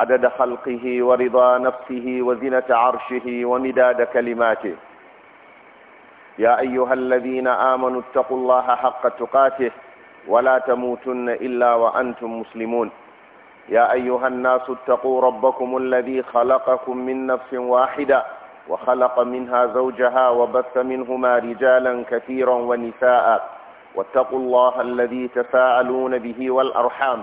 عدد خلقه ورضا نفسه وزنة عرشه ومداد كلماته يا أيها الذين آمنوا اتقوا الله حق تقاته ولا تموتن إلا وأنتم مسلمون يا أيها الناس اتقوا ربكم الذي خلقكم من نفس واحدة وخلق منها زوجها وبث منهما رجالا كثيرا ونساء واتقوا الله الذي تساءلون به والأرحام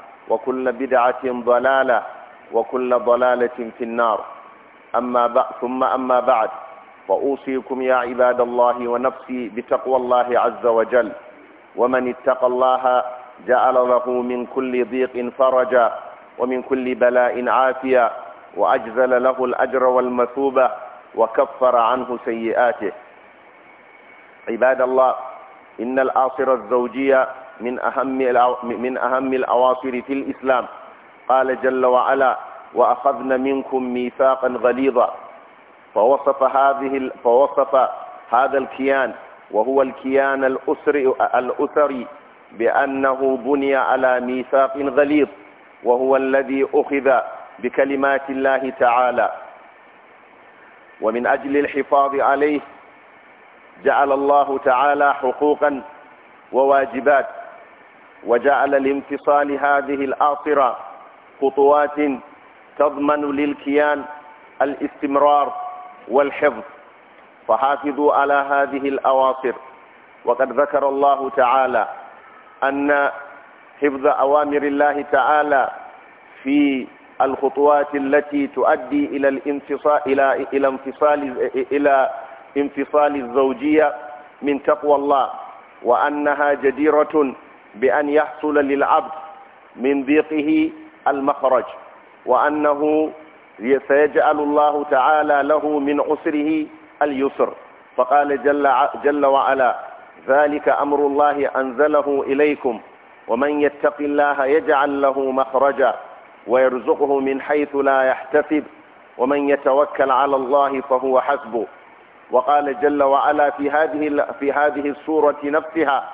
وكل بدعة ضلالة وكل ضلالة في النار أما بعد ثم أما بعد فأوصيكم يا عباد الله ونفسي بتقوى الله عز وجل ومن اتقى الله جعل له من كل ضيق فرجا ومن كل بلاء عافية وأجزل له الأجر والمثوبة وكفر عنه سيئاته عباد الله إن الآصرة الزوجية من أهم من أهم الأواصر في الإسلام قال جل وعلا وأخذنا منكم ميثاقا غليظا فوصف هذه فوصف هذا الكيان وهو الكيان الأسري الأسري بأنه بني على ميثاق غليظ وهو الذي أخذ بكلمات الله تعالى ومن أجل الحفاظ عليه جعل الله تعالى حقوقا وواجبات وجعل لامتصال هذه الآطرة خطوات تضمن للكيان الاستمرار والحفظ فحافظوا على هذه الأواصر وقد ذكر الله تعالى أن حفظ أوامر الله تعالى في الخطوات التي تؤدي إلى الانفصال إلى إلى انفصال إلى انفصال الزوجية من تقوى الله وأنها جديرة بأن يحصل للعبد من ضيقه المخرج وأنه سيجعل الله تعالى له من عسره اليسر فقال جل, جل وعلا ذلك أمر الله أنزله إليكم ومن يتق الله يجعل له مخرجا ويرزقه من حيث لا يحتسب ومن يتوكل على الله فهو حسبه وقال جل وعلا في هذه في هذه السورة نفسها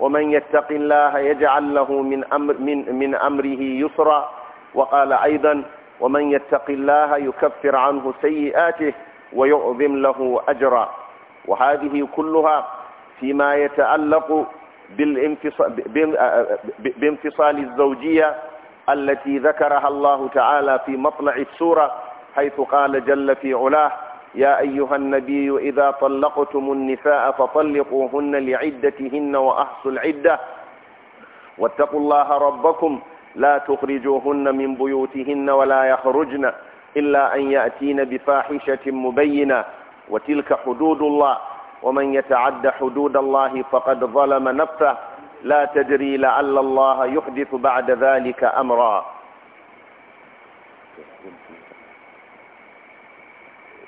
ومن يتق الله يجعل له من أمر من من أمره يسرا وقال أيضا ومن يتق الله يكفر عنه سيئاته ويعظم له أجرا وهذه كلها فيما يتعلق بانفصال الزوجية التي ذكرها الله تعالى في مطلع السورة حيث قال جل في علاه يا أيها النبي إذا طلقتم النساء فطلقوهن لعدتهن وأحصوا العدة واتقوا الله ربكم لا تخرجوهن من بيوتهن ولا يخرجن إلا أن يأتين بفاحشة مبينة وتلك حدود الله ومن يتعد حدود الله فقد ظلم نفسه لا تدري لعل الله يحدث بعد ذلك أمرا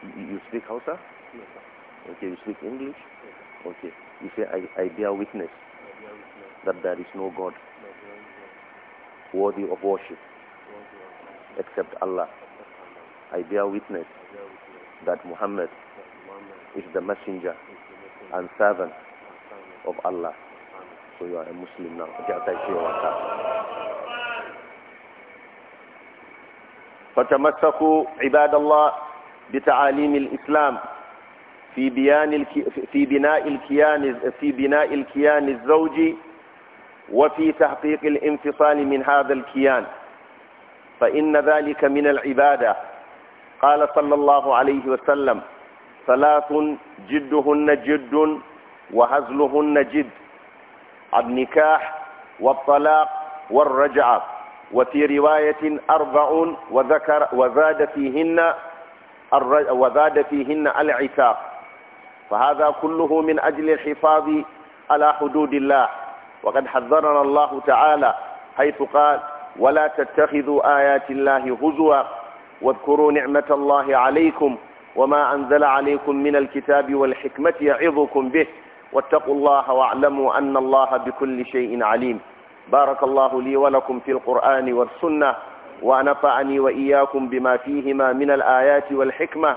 You speak Hausa? Yes, sir. Okay, you speak English? Yes, Okay. You say, I, I bear witness that there is no God worthy of worship except Allah. I bear witness that Muhammad is the messenger and servant of Allah. So you are a Muslim now. فتمسكوا عباد الله بتعاليم الإسلام في بيان في بناء الكيان في بناء الكيان الزوجي وفي تحقيق الانفصال من هذا الكيان فإن ذلك من العبادة قال صلى الله عليه وسلم ثلاث جدهن جد وهزلهن جد النكاح والطلاق والرجعة وفي رواية أربع وذكر وزاد فيهن وزاد فيهن العتاق فهذا كله من أجل الحفاظ على حدود الله وقد حذرنا الله تعالى حيث قال ولا تتخذوا آيات الله هزوا واذكروا نعمة الله عليكم وما أنزل عليكم من الكتاب والحكمة يعظكم به واتقوا الله واعلموا أن الله بكل شيء عليم بارك الله لي ولكم في القرآن والسنة ونفعني وإياكم بما فيهما من الآيات والحكمة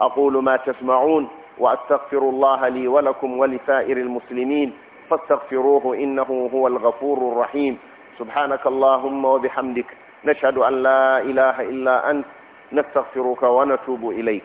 أقول ما تسمعون وأستغفر الله لي ولكم ولسائر المسلمين فاستغفروه إنه هو الغفور الرحيم سبحانك اللهم وبحمدك نشهد أن لا إله إلا أنت نستغفرك ونتوب إليك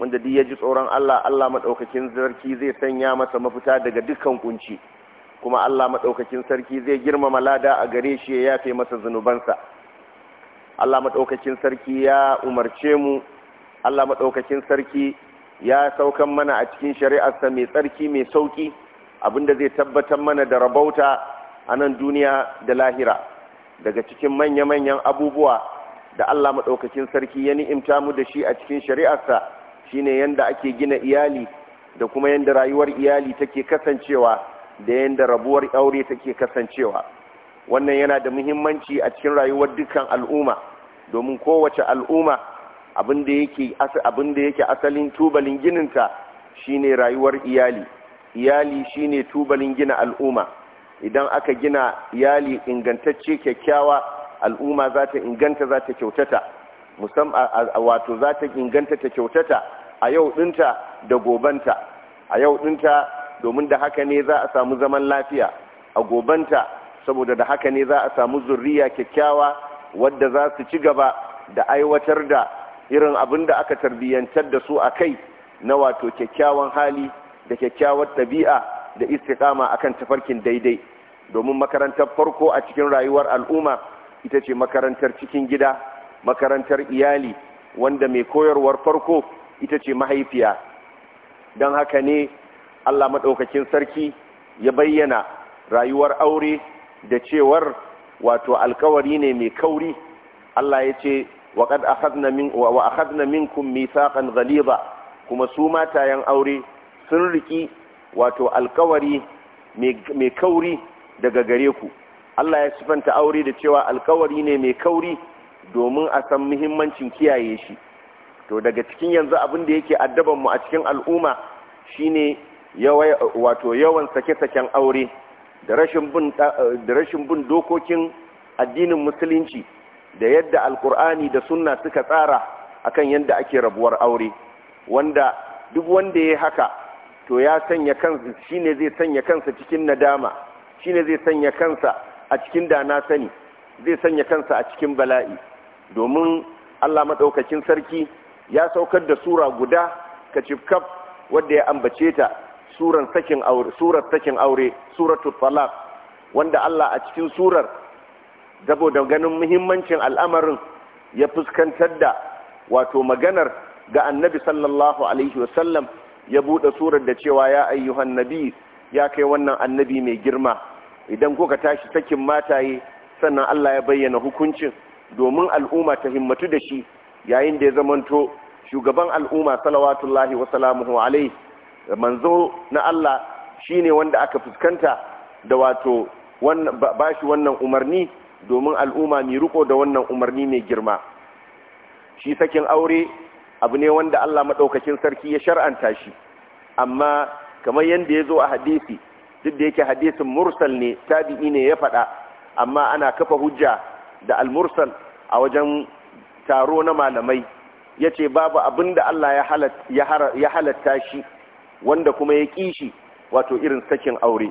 wanda duk ya ji tsoron Allah Allah maɗaukakin sarki zai sanya masa mafita daga dukkan kunci kuma Allah maɗaukakin sarki zai girmama lada a gare shi ya yafe masa zunubansa Allah maɗaukakin sarki ya umarce mu Allah maɗaukakin sarki ya saukan mana a cikin shari'arsa mai tsarki mai sauƙi abinda zai tabbatar mana da rabauta a nan duniya da lahira daga cikin manya-manyan abubuwa da Allah maɗaukakin sarki ya ni'imta mu da shi a cikin shari'arsa shine yanda ake gina iyali da kuma yanda rayuwar iyali take kasancewa da yanda rabuwar aure take kasancewa wannan yana da muhimmanci a cikin rayuwar dukkan al'umma domin kowace al'umma abin da yake yake asalin tubalin gininta shine rayuwar iyali iyali shine tubalin gina al'umma idan aka gina iyali ingantacce kyakkyawa al'umma za ta inganta za ta kyautata wato za ta inganta ta kyautata a yau dinta da gobanta a yau ɗinta domin da haka ne za a samu zaman lafiya a gobanta saboda da haka ne za a samu zurriya kyakkyawa wadda za su ci gaba da aiwatar da irin abin da aka tarbiyyantar da su a kai na wato kyakkyawan hali da kyakkyawar ɗabi'a da istiƙama akan tafarkin daidai domin makarantar farko a cikin rayuwar al'umma ita ce makarantar cikin gida makarantar iyali wanda mai koyarwar farko ita ce mahaifiya don haka ne Allah maɗaukakin sarki ya bayyana rayuwar aure da cewar wato alkawari ne mai kauri Allah ya ce wa akhadna minkum mithaqan ghaliza kuma su matayen aure sun riki wato alkawari mai kauri daga gare ku Allah ya sifanta aure da cewa alkawari ne mai kauri domin a san muhimmancin kiyaye shi to daga cikin yanzu abin da yake addaban mu a cikin al'umma shine wato yawan sake-saken aure da rashin bin dokokin addinin musulunci da yadda alkur'ani da sunna suka tsara akan yadda ake rabuwar aure wanda duk wanda ya haka to ya sanya kansa shine zai sanya kansa cikin nadama shine zai sanya kansa a cikin dana sani zai sanya kansa a cikin bala'i domin Allah maɗaukakin sarki ya saukar da sura guda ka cifkaf wadda ya ambace ta surar sakin aure surar sakin wanda Allah a cikin surar da ganin muhimmancin al'amarin ya fuskantar da wato maganar ga annabi sallallahu alaihi wasallam ya buɗe surar da cewa ya ayyuhan nabi ya kai wannan annabi mai girma idan kuka tashi sakin mataye sannan Allah ya bayyana hukuncin domin al'umma ta himmatu da shi yayin da ya zamanto shugaban al'umma salawatullahi wa salamuhu alai manzo na Allah shine wanda aka fuskanta da wato bashi wannan umarni domin al'umma mai riko da wannan umarni mai girma shi sakin aure abu ne wanda Allah maɗaukacin sarki ya shar'anta shi amma kamar yadda ya zo a hadisi duk da yake hadisin mursal ne tabi'i ne ya faɗa amma ana kafa hujja da al a wajen taro na malamai yace babu abinda Allah ya halatta shi wanda kuma ya kishi wato irin sakin aure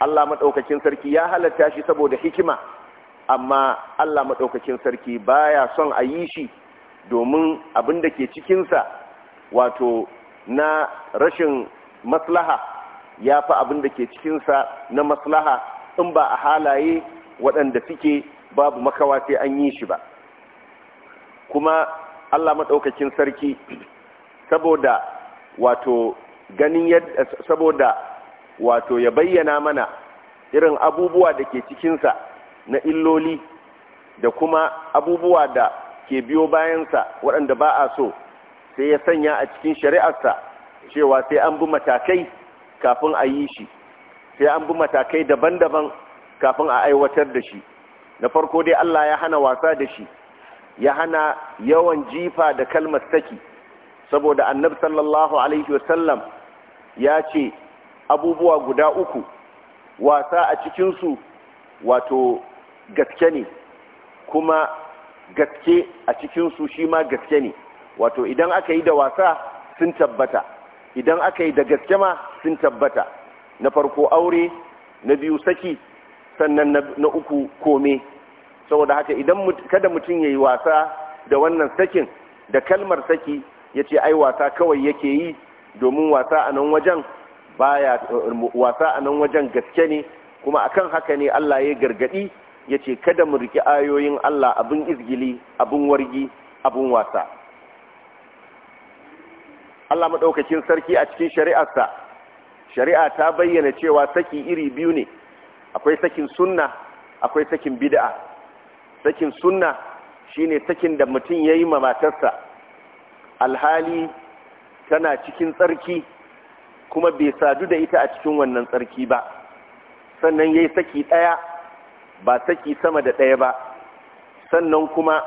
Allah Maɗaukakin sarki ya halatta shi saboda hikima amma Allah Maɗaukakin sarki baya son a yi shi domin abinda ke cikin wato na rashin maslaha ya fi abinda ke cikinsa na maslaha in ba a halaye waɗanda suke babu makawa sai an yi shi ba kuma Allah maɗaukakin sarki saboda wato ganin yadda saboda wato ya bayyana mana irin abubuwa da ke cikinsa na illoli da kuma abubuwa da ke biyo bayansa waɗanda ba a so sai ya sanya a cikin shari'arsa cewa sai an bi matakai kafin a yi shi sai an bi matakai daban-daban kafin a aiwatar da shi na farko dai Allah ya hana wasa da shi ya hana yawan jifa da kalmar saki saboda annabi sallallahu alaihi wasallam ya ce abubuwa guda uku wasa a cikinsu wato gaske ne kuma gaske a cikinsu shi ma gaske ne wato idan aka yi da wasa sun tabbata idan aka yi da gaske ma sun tabbata na farko aure na biyu saki sannan na uku kome saboda haka idan kada mutum ya yi wasa da wannan sakin da kalmar saki ya ce ai wasa kawai yake yi domin wasa a nan wajen baya wasa a nan wajen gaske ne kuma akan haka ne Allah ya gargadi ya ce kada mu riki ayoyin Allah abin izgili abin wargi abin wasa Allah maɗaukakin sarki a cikin shari'arsa shari'a ta bayyana cewa saki iri biyu ne akwai sakin sunna akwai sakin bid'a sakin sunna shine sakin da mutum yayi ma matarsa alhali tana cikin tsarki kuma bai sadu da ita a cikin wannan tsarki ba sannan yayi saki daya ba saki sama da daya ba sannan kuma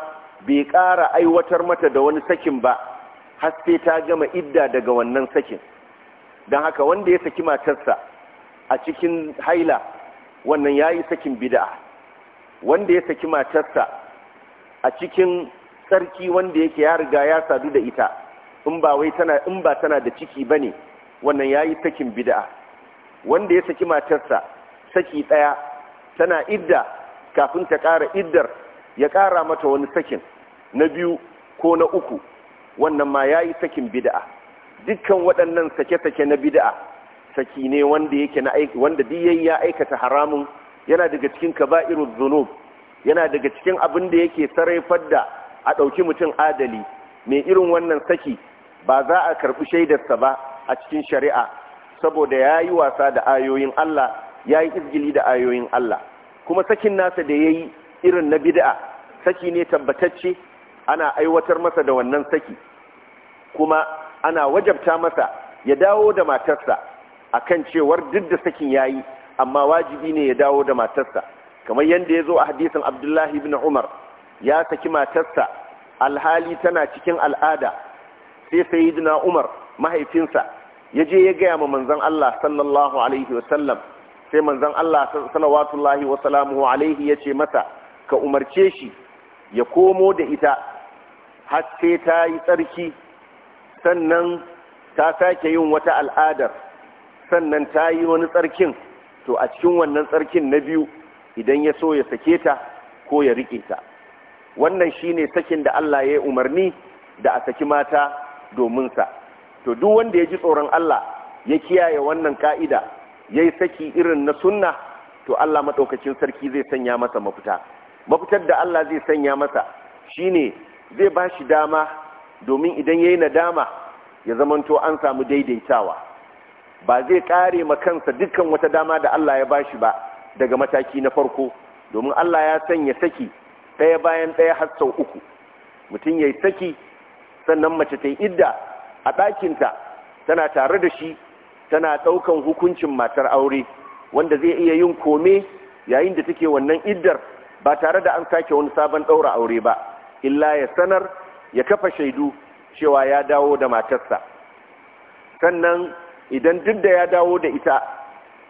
bai ƙara aiwatar mata da wani sakin ba har ta gama idda daga wannan sakin don haka wanda ya saki matarsa a cikin haila wannan ya yi sakin bida'a wanda ya saki matarsa a cikin tsarki wanda yake ya riga ya sadu da ita in ba wai tana in ba tana da ciki bane wannan yayi sakin bid'a wanda ya saki matarsa saki ɗaya tana idda kafin ta ƙara iddar ya ƙara mata wani sakin na biyu ko na uku wannan ma yayi sakin bid'a dukkan waɗannan sake-sake na bida'a. saki ne wanda yake na aiki wanda duk ya aikata haramun yana daga cikin kaba'irul zunub, yana daga cikin abin da yake sarrafar da a dauki mutum adali mai irin wannan saki ba za a karbi shaidarsa ba a cikin shari'a saboda yayi wasa da ayoyin Allah yayi izgili da ayoyin Allah kuma sakin nasa da yayi irin na bid'a saki ne tabbatacce ana aiwatar masa da wannan saki kuma ana wajabta masa ya dawo da matarsa a kan cewar duk da sakin yayi amma wajibi ne ya dawo da matarsa kamar yadda ya zo a hadisin abdullahi ibn umar ya saki matarsa alhali tana cikin al'ada sai na umar mahaifinsa ya je ya gaya ma manzan Allah sallallahu alaihi wasallam sai manzan Allah salawatullahi wa alaihi ya ce mata ka umarce shi ya komo da ita har sai ta yi tsarki sannan ta sake yin wata al'adar sannan ta yi wani tsarkin to a cikin wannan tsarkin na biyu idan ya so ya sake ta ko ya riƙe ta wannan shine sakin da Allah ya yi umarni da a saki mata domin sa to duk wanda ya ji tsoron Allah ya kiyaye wannan ka'ida ya yi saki irin na sunna to Allah maɗaukacin sarki zai sanya masa mafita mafitar da Allah zai sanya masa shine zai ba shi dama domin idan ya yi nadama ya zamanto an samu daidaitawa ba zai kare ma kansa dukkan wata dama da Allah ya bashi ba daga mataki na farko domin Allah ya sanya saki ɗaya bayan ɗaya har sau uku mutum ya yi saki sannan mace ta yi idda a ɗakinta tana tare da shi tana ɗaukan hukuncin matar aure wanda zai iya yin kome yayin da take wannan iddar ba tare da an sake wani sabon ɗaura aure ba illa ya sanar ya kafa shaidu cewa ya dawo da matarsa sannan idan duk da ya dawo da ita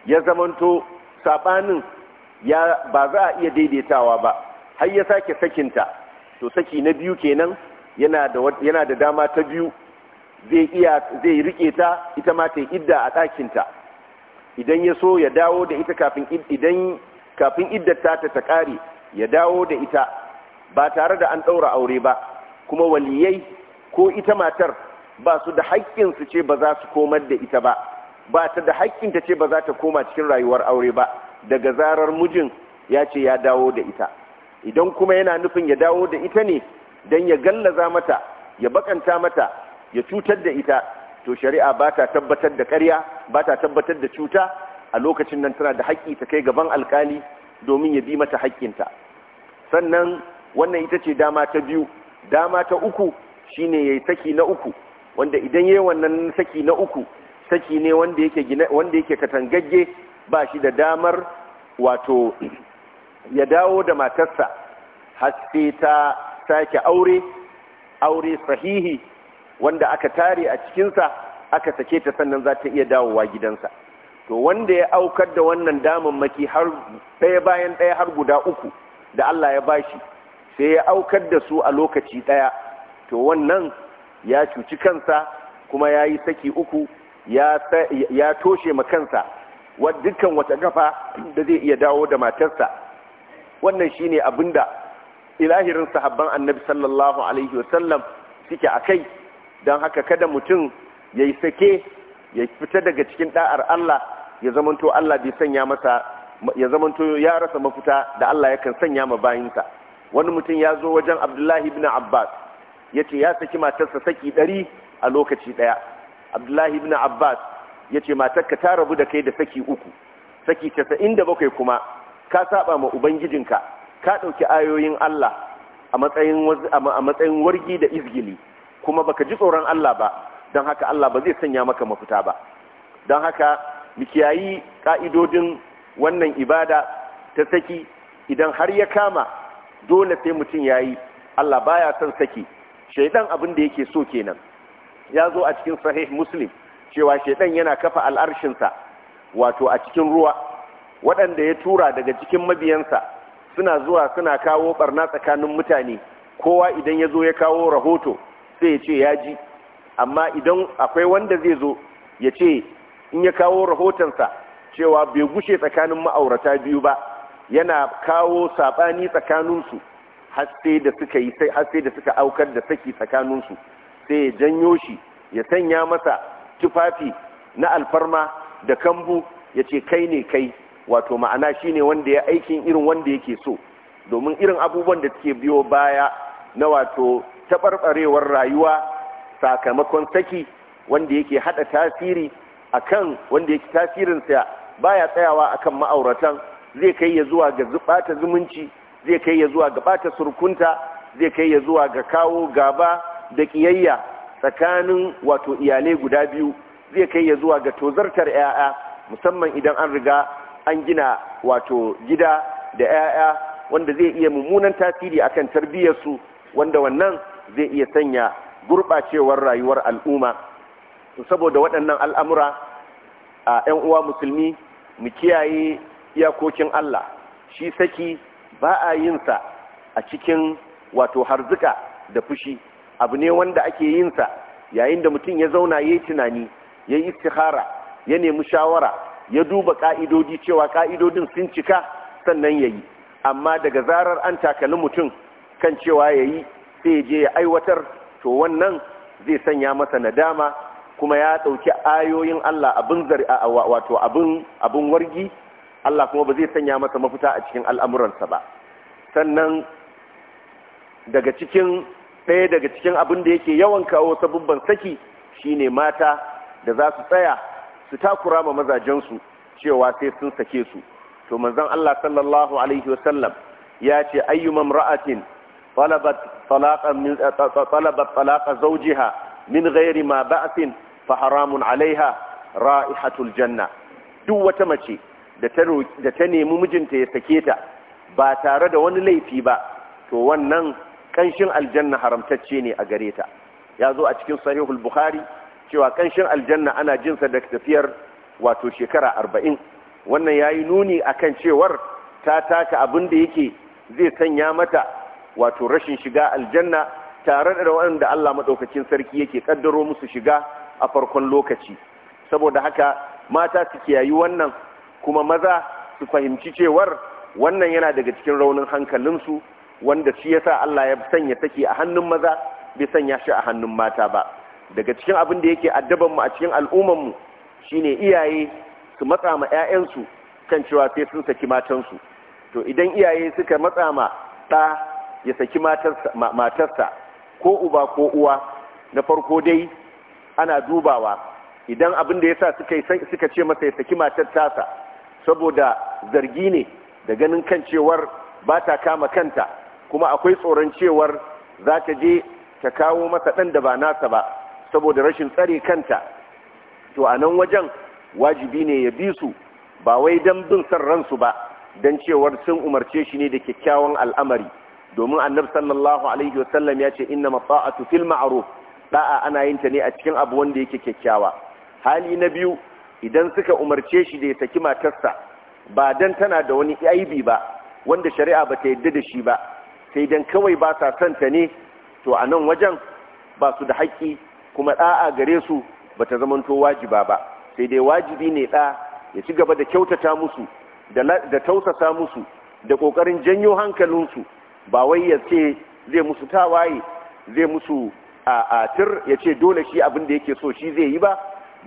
ya zamanto sabanin ba za a iya daidaitawa ba har ya sake sakinta to saki na biyu kenan yana da dama ta biyu zai iya zai rike ta ita ma ta idda a ɗakinta idan ya so ya dawo da ita kafin idan kafin iddata ta ta ƙare ya dawo da ita ba tare da an ɗaura aure ba kuma waliyai ko ita matar ba su da haƙƙin su ce ba za su komar da ita ba ba ta da haƙƙin ta ce ba za ta koma cikin rayuwar aure ba daga zarar mijin ya ce ya dawo da ita idan kuma yana nufin ya dawo da ita ne don ya gallaza mata ya bakanta mata ya cutar da ita to shari'a ba ta tabbatar da ƙarya, ba ta tabbatar da cuta a lokacin nan tana da haƙƙi ta kai gaban alkali domin ya bi mata haƙƙinta sannan wannan ita ce dama ta biyu dama ta uku shine yayi saki na uku wanda idan yayi wannan saki na uku saki ne wanda yake katangage katangagge ba shi da damar wato ya dawo da matarsa haske ta sake aure aure sahihi wanda aka tare a cikinsa aka sake ta sannan za ta iya dawowa gidansa to wanda ya aukar da wannan damammaki har ɗaya bayan ɗaya har guda uku da Allah ya bashi sai ya aukar da su a lokaci ɗaya to wannan ya cuci kansa kuma ya yi saki uku ya toshe ma kansa dukkan wata gafa da zai iya dawo da matarsa wannan shi shine da ilahirin sahabban annabi sallallahu alaihi wasallam suke kai don haka kada mutum ya yi sake ya fita daga cikin da'ar Allah ya zamanto Allah bai sanya masa ya zamanto ya rasa mafuta da Allah yakan sanya ma bayinsa wani mutum ya zo wajen Abdullahi ibn Abbas ya ce ya saki matarsa saki ɗari a lokaci ɗaya abdullahi ibn abbas ya ce matarka ta rabu da kai da saki uku saki casa'in da bakwai kuma ka saba ma ubangijinka ka ɗauki ayoyin allah a matsayin wargi da izgili kuma baka ji tsoron allah ba don haka allah ba zai sanya maka mafuta ba don haka mu kiyayi ka'idodin wannan ibada ta saki idan har ya kama dole sai mutum ya yi allah baya son saki shaidan abin da yake so kenan ya zo a cikin sahih muslim cewa shaidan yana kafa al'arshinsa wato a cikin ruwa waɗanda ya tura daga cikin mabiyansa suna zuwa suna kawo ɓarna tsakanin mutane kowa idan ya zo ya kawo rahoto sai ya ce ya ji amma idan akwai wanda zai zo ya ce in ya kawo rahotonsa cewa bai gushe tsakanin ma'aurata biyu ba yana kawo saɓani tsakaninsu Haske da suka yi sai haske da suka aukar da saki tsakaninsu sai ya janyo shi ya sanya masa tufafi na alfarma da kambu ya ce kai ne kai wato ma'ana shine wanda ya aikin irin wanda yake so domin irin abubuwan da suke biyo baya na wato taɓarɓarewar rayuwa sakamakon saki wanda yake hada tasiri akan wanda yake tasirinsa baya tsayawa akan ma'auratan zai kai ya zuwa ga zubata zumunci zai kai ya zuwa ga bata surkunta zai kai ya zuwa ga kawo gaba da kiyayya tsakanin wato iyalai guda biyu zai kai ya zuwa ga tozartar 'ya'ya musamman idan an riga an gina wato gida da 'ya'ya wanda zai iya mummunan tasiri akan tarbiyyarsu wanda wannan zai iya sanya gurɓacewar rayuwar al'umma saboda waɗannan al'amura a 'yan uwa musulmi mu kiyaye iyakokin Allah shi saki ba a yin sa a cikin wato harzuka da fushi abu ne wanda ake yin sa yayin da mutum ya zauna yayi tunani yayi istihara, ya nemi shawara ya duba ka'idodi cewa ka'idodin sun cika sannan yayi amma daga zarar an takali mutum kan cewa yayi sai ya je ya aiwatar to wannan zai sanya masa nadama kuma ya dauki ayoyin Allah abin zari wato abin wargi Allah kuma ba zai sanya masa mafita a cikin al'amuransa ba sannan daga cikin ɗaya daga cikin abin da yake yawan kawo sabubban saki shine mata da za su tsaya su takura ma mazajensu cewa sai sun sake su to manzon Allah sallallahu alaihi wasallam ya ce ayyuman ra'atin talabat talaqa zaujiha zawjiha min ghairi ma ba'asin fa haramun alaiha ra'ihatul janna duk wata mace da ta nemi mijinta ya sake ta ba tare da wani laifi ba to wannan kanshin aljanna haramtacce ne a gare ta ya zo a cikin sahihul bukhari cewa kanshin aljanna ana jinsa da tafiyar wato shekara arba'in wannan ya yi nuni a kan cewar ta taka abin da yake zai sanya mata wato rashin shiga aljanna tare da wanda Allah maɗaukacin sarki yake ƙaddaro musu shiga a farkon lokaci saboda haka mata su kiyayi wannan kuma maza su fahimci cewar wannan yana daga cikin raunin hankalinsu wanda shi yasa Allah ya sanya take a hannun maza bai sanya shi a hannun mata ba daga cikin abin da yake addaban mu a cikin al'umman mu shine iyaye su matsa ma su kan cewa sai sun saki matansu to idan iyaye suka matsa ma ɗa ya saki matarsa ko uba ko uwa na farko dai ana dubawa idan abin da yasa suka suka ce masa ya saki matar tasa saboda zargi ne da ganin kan cewar ba ta kama kanta kuma akwai tsoron cewar za ta je ta kawo masa ɗan da ba nasa ba saboda rashin tsare kanta to a nan wajen wajibi ne ya bi su ba wai don bin san ransu ba don cewar sun umarce shi ne da kyakkyawan al'amari domin annabi sallallahu alaihi wasallam ya ce inna mata'atu fil ma'ruf da'a ana yinta ne a cikin abu wanda yake kyakkyawa hali na biyu idan suka umarce shi da ya saki matarsa ba dan tana da wani aibi ba wanda shari'a ba ta yadda da shi ba sai dan kawai ba sa ta ne to a nan wajen ba su da haƙƙi kuma ɗa'a gare su ba ta zamanto wajiba ba sai dai wajibi ne ɗa ya ci gaba da kyautata musu da tausasa musu da ƙoƙarin janyo hankalinsu ba wai ya ce zai musu tawaye zai musu a tir ya ce dole shi abin da yake so shi zai yi ba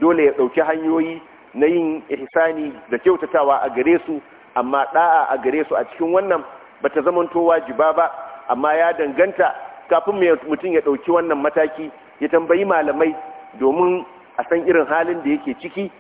dole ya ɗauki hanyoyi na yin ihsani da kyautatawa a gare su amma ɗa'a a gare su a cikin wannan ba ta zamanto wajiba ba amma ya danganta kafin mutum ya ɗauki wannan mataki ya tambayi malamai domin a san irin halin da yake ciki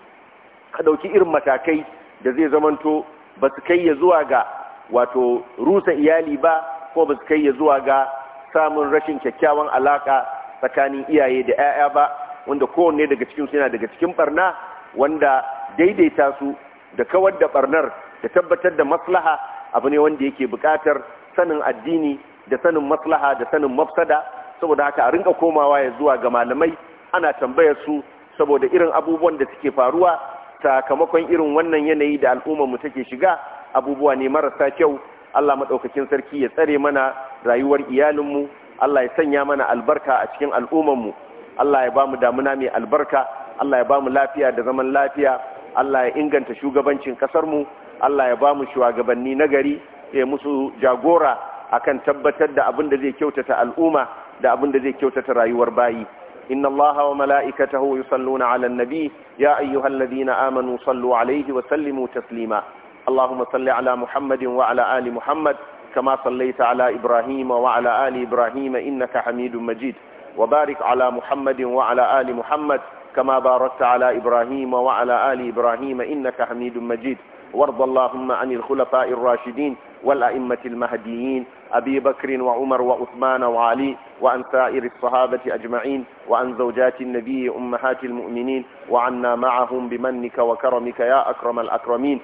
ka ɗauki irin matakai da zai zamanto ba su kai ya zuwa ga wato rusa iyali ba ko ba su kai ya zuwa ga samun rashin kyakkyawan alaƙa tsakanin iyaye da 'ya'ya ba wanda kowanne daga cikin su yana daga cikin barna wanda daidaita su da kawar da barnar da tabbatar da maslaha abu ne wanda yake buƙatar sanin addini da sanin maslaha da sanin mafsada saboda haka a rinka komawa ya zuwa ga malamai ana tambayar su saboda irin abubuwan da suke faruwa sakamakon irin wannan yanayi da al'ummar mu take shiga abubuwa ne marasa kyau Allah madaukakin sarki ya tsare mana rayuwar iyalinmu Allah ya sanya mana albarka a cikin al'ummar mu Allah ya ba mu damuna mai albarka Allah ya ba mu lafiya da zaman lafiya Allah ya inganta shugabancin ƙasarmu Allah ya ba mu shugabanni na gari ya musu jagora akan tabbatar da abin da zai kyautata al'umma da abin da zai kyautata rayuwar bayi إن الله وملائكته يصلون على النبي يا أيها الذين آمنوا صلوا عليه وسلموا تسليما اللهم صل على محمد وعلى آل محمد كما صليت على إبراهيم وعلى آل إبراهيم إنك حميد مجيد وبارك على محمد وعلى آل محمد كما باركت على إبراهيم وعلى آل إبراهيم إنك حميد مجيد وارض اللهم عن الخلفاء الراشدين والأئمة المهديين أبي بكر وعمر وعثمان وعلي وأن سائر الصحابة أجمعين وأن زوجات النبي أمهات المؤمنين وعنا معهم بمنك وكرمك يا أكرم الأكرمين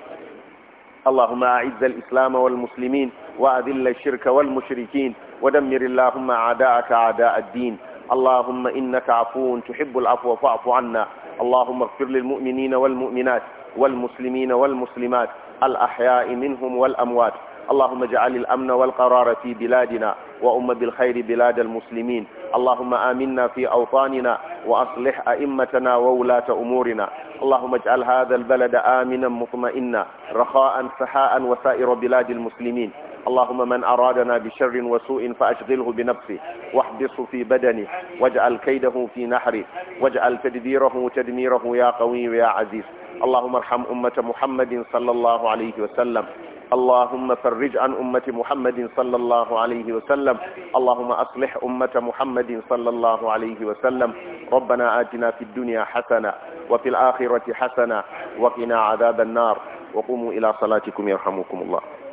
اللهم أعز الإسلام والمسلمين وأذل الشرك والمشركين ودمر اللهم أعداءك أعداء الدين اللهم إنك عفو تحب العفو فاعف عنا اللهم اغفر للمؤمنين والمؤمنات والمسلمين والمسلمات الأحياء منهم والأموات اللهم اجعل الأمن والقرار في بلادنا وأم بالخير بلاد المسلمين اللهم آمنا في أوطاننا وأصلح أئمتنا وولاة أمورنا اللهم اجعل هذا البلد آمنا مطمئنا رخاء سحاء وسائر بلاد المسلمين اللهم من أرادنا بشر وسوء فأشغله بنفسه واحبسه في بدنه واجعل كيده في نحره واجعل تدبيره تدميره يا قوي يا عزيز اللهم ارحم أمة محمد صلى الله عليه وسلم اللهم فرج عن أمة محمد صلى الله عليه وسلم اللهم أصلح أمة محمد صلى الله عليه وسلم ربنا آتنا في الدنيا حسنة وفي الآخرة حسنة وقنا عذاب النار وقوموا إلى صلاتكم يرحمكم الله